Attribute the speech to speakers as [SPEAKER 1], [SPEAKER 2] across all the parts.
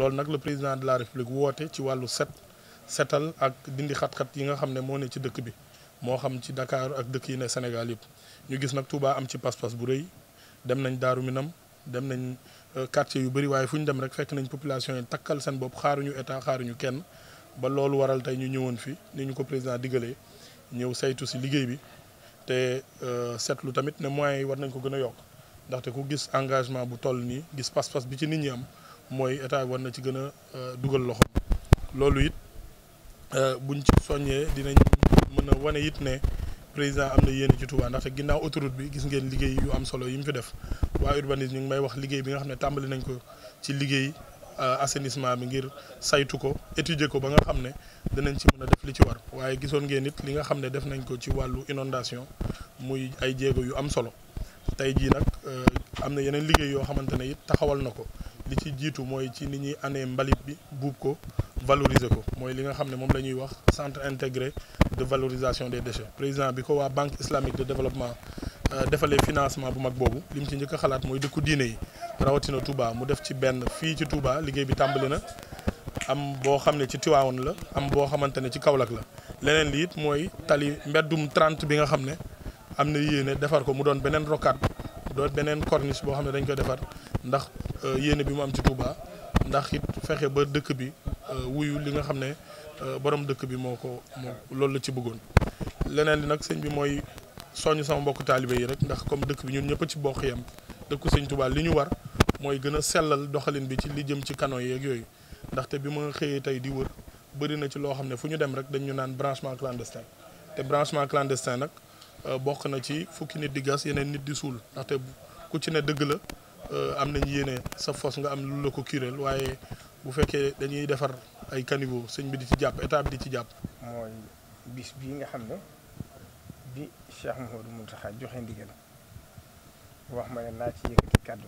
[SPEAKER 1] loolu nag la président de la république woote ci wàllu set setal ak dindi xat-xat yi nga xam ne moo ne ci dëkk bi moo xam ci Dakar ak dëkk yi ne Sénégal yëpp ñu gis nag Touba am ci pas-pas bu rëy dem nañ Daaru Minam dem nañ euh, quartier yu bëri waaye fu ñu dem rek fekk nañ population yi takkal seen bopp xaaruñu état ñu kenn ba loolu waral tey ñu ñëwoon fi ni ñu ko président digalee ñëw saytu si liggéey bi te euh, seetlu tamit ne moyens yi war nañ ko gën a yokk ndaxte ku gis engagement bu toll nii gis pas bi ci nit ñi am mooy état war na ci gën a euh, dugal loxo loolu it euh, buñ ci soññee dinañ mën a wane it ne président am na yéene ci Touba ndaxte ginnaaw autoroute bi gis ngeen liggéey yu am solo yi mu fi def waa urbanisme ñu ngi may wax liggéey bi nga xam ne tàmbali nañ ko ci liggéey euh, assainissement bi ngir saytu ko étudier ko ba nga xam ne danañ ci mën a def li ci war waaye gisoon ngeen it li nga xam ne def nañ ko ci wàllu inondation muy ay jéego yu am solo tey jii nag am na yeneen liggéey yoo xamante ne it taxawal na ko li ci jiitu mooy ci ni ñuy andee mbalit bi buub ko valoriser ko mooy li nga xam ne moom la ñuy wax centre intégré de valorisation des déchets président bi ko waa banque islamique de développement euh, defalee financement bu mag boobu li ci njëkk a xalaat mooy dëkku diine yi rawatina Touba mu def ci benn fii ci Touba liggéey bi tàmbali na am boo xam ne ci Tiwaawoon la am boo xamante ne ci Kaolack la leneen li it mooy tali mbeddum 30 bi nga xam ne am na yéene defar ko mu doon beneen rocade doot beneen corniche boo xam ne dañ ko defar ndax euh, yéene bi mu am ci Touba ndax it fexe ba dëkk bi euh, wuyu li nga xam ne euh, borom dëkk bi moo ko moo loolu la ci bëggoon. leneen li nag sëñ bi mooy soññ sama mbokk taalibe yi rek ndax comme dëkk bi ñun ñëpp ci bokk yam dëkku sëñ tubaa li ñu war mooy gën a sellal doxalin bi ci li jëm ci canaux yeeg yooyu ndaxte bi ma xëyee tey di wër bëri na ci loo xam ne fu ñu dem rek dañu naan branchement clandestin te branchement clandestin nag. Euh, bokk na ci fukki nit di gas yeneen nit di suul ndaxte ku ci ne dëgg la euh, am nañ yéene sa fos nga am lu la ko kuréel waaye bu fekkee dañuy defar ay caniveau sëñ bi di ci jàpp état bi di ci jàpp.
[SPEAKER 2] mooy bis bii nga xam ne bi Cheikh Mouhamadou Mountakha joxe ndigal wax ma ne naa ci yëkkati kàddu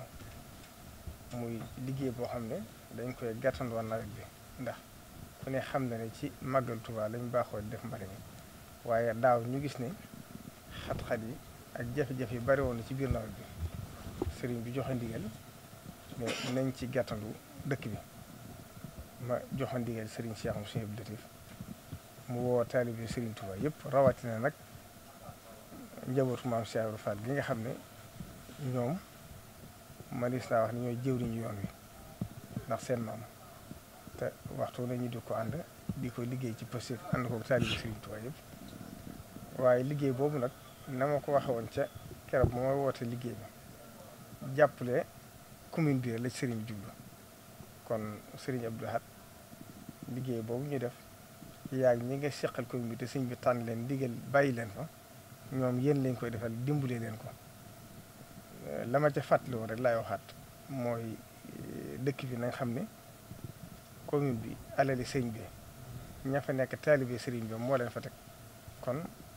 [SPEAKER 2] muy liggéey boo xam ne dañ koy gàttandoo nawet bi ndax ku ne xam na ne ci màggal Tuubaa lañ baaxoo def mbari mi waaye daaw ñu gis ne. xat-xat yi ak jafe-jafe yu bari woon na ci biir nawet bi sëriñ bi joxe ndigal ne nañ ci gàttandu dëkk bi ma joxe ndigal sëriñ Cheikh Moussa Abdoulatif mu woo taalibe sëriñ yëpp rawatina nag njabootu maam Cheikh gi nga xam ne ñoom manis naa wax ne ñooy yoon wi ndax seen maam te waxtu nañu di ko ànd di ko liggéey ci positif ànd ko taalibe sëriñ Touba yëpp waaye liggéey boobu nag na ma ko waxe woon ca keroog bu ma woote liggéey bi jàppale commune bi la Serigne jublu kon Serigne Abdou Lahad liggéey boobu ñuy def yaa ñi nga seqal commune bi te sëñ bi tànn leen digal bàyyi leen fa ñoom yéen lañ koy defal dimbale leen ko la ma ca fàttali woon rek laay waxaat mooy eh, dëkk bi nañ xam ne commune bi alali sëñ bi ña fa nekk taalibe sëriñ bi moo leen fa teg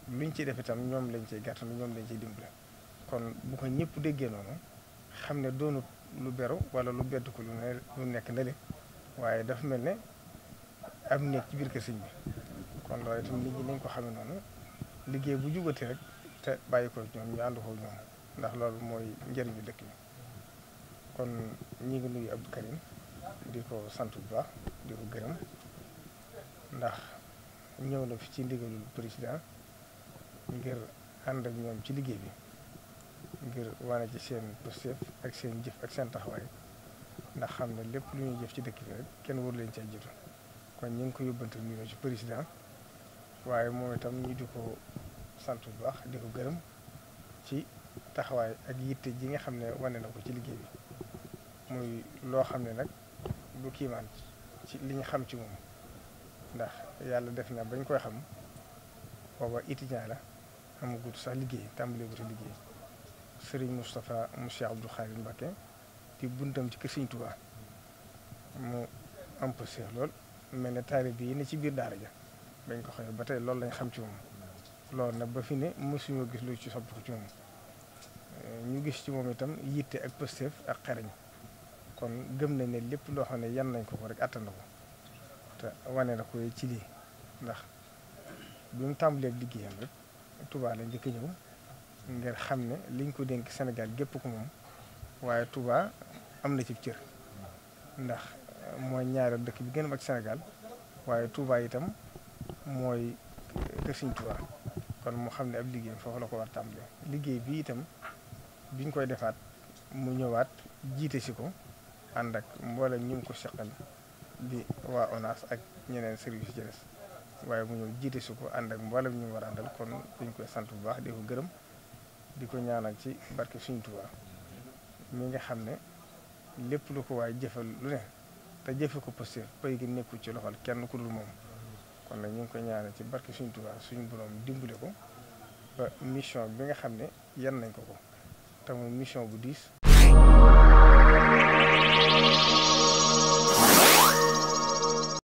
[SPEAKER 2] luñ ciy def itam ñoom lañ ciy gàttal ñoom lañ ciy dimbale kon bu ko ñëpp déggee noonu xam ne doonut lu beru wala lu bedd ko lu ne nekk na le waaye dafa mel ne am nekk ci biir kër sëñ bi kon loolu itam nit ñi nañ ko xamee noonu liggéey bu jugati rek te bàyyi ko ñoom ñu ànd ko ñoom ndax loolu mooy njëriñu dëkk bi kon ñi ngi nuyu Abdou Karim di ko sant bu baax di ko gërëm ndax ñëw na fi ci ndigalul président ngir ànd ak ñoom ci liggéey bi ngir wane ci seen pëstéef ak seen jëf ak seen taxawaay ndax xam ne lépp lu ñuy jëf ci dëkk bi rek kenn waru leen ci ay kon ñu ngi ko yóbbante nuyoo ci président waaye moom itam ñu di ko sant bu baax di ko gërëm ci taxawaay ak yitte ji nga xam ne wane na ko ci liggéey bi muy loo xam ne nag du kiimaan ci liñ xam ci moom ndax yàlla def na bañ koy xam booba étudiant la amagut sax liggéey tàmbaleegut a liggéey sëriñ Moustapha mu Cheikh Abdou Khadir Mbacké di buntam ci kër Sëriñ Tuubaa mu am seex lool mel ne taalibe yi ne ci biir daara ja dañ ko xëy ba tey loolu lañ xam ci moom loolu nag ba fi ne mosuñoo gis lu ci sopp ko ci moom eh, ñu gis ci moom itam yitte ak pësteef ak xereñ kon gëm na ne lépp loo xam ne yan nañ ko ko rek àttan ko te wane na ko ci lii ndax bi mu tàmbalee liggéeyam rek Touba la njëkk ñëw ngir xam ne liñ ko dénk Sénégal gépp ko moom waaye Touba am na ci cër ndax mooy ñaareel dëkk bi gën a mag Sénégal waaye Touba itam mooy kër Sëñ Touba kon moo xam ne ab liggéey foofu la ko war tàmbalee liggéey bi itam biñ koy defaat mu ñëwaat jiite si ko ànd ak mboole ñu ngi ko seqal di waa ONAS ak ñeneen service yu waaye mu ñëw jiite su ko ànd ak mboolem ñu war a àndal kon dañ koy sant bu baax di ko gërëm di ko ñaanal ci barke Sëriñ Tuubaa mi nga xam ne lépp lu ko waaye jëfal lu ne te jëfe ko posture pay gi nekkul ci loxol kenn ku dul moom kon nag ñu ngi koy ñaanal ci barke Sëriñ Tuubaa suñu borom dimbale ko ba mission bi nga xam ne yan nañ ko ko te muy mission bu diis.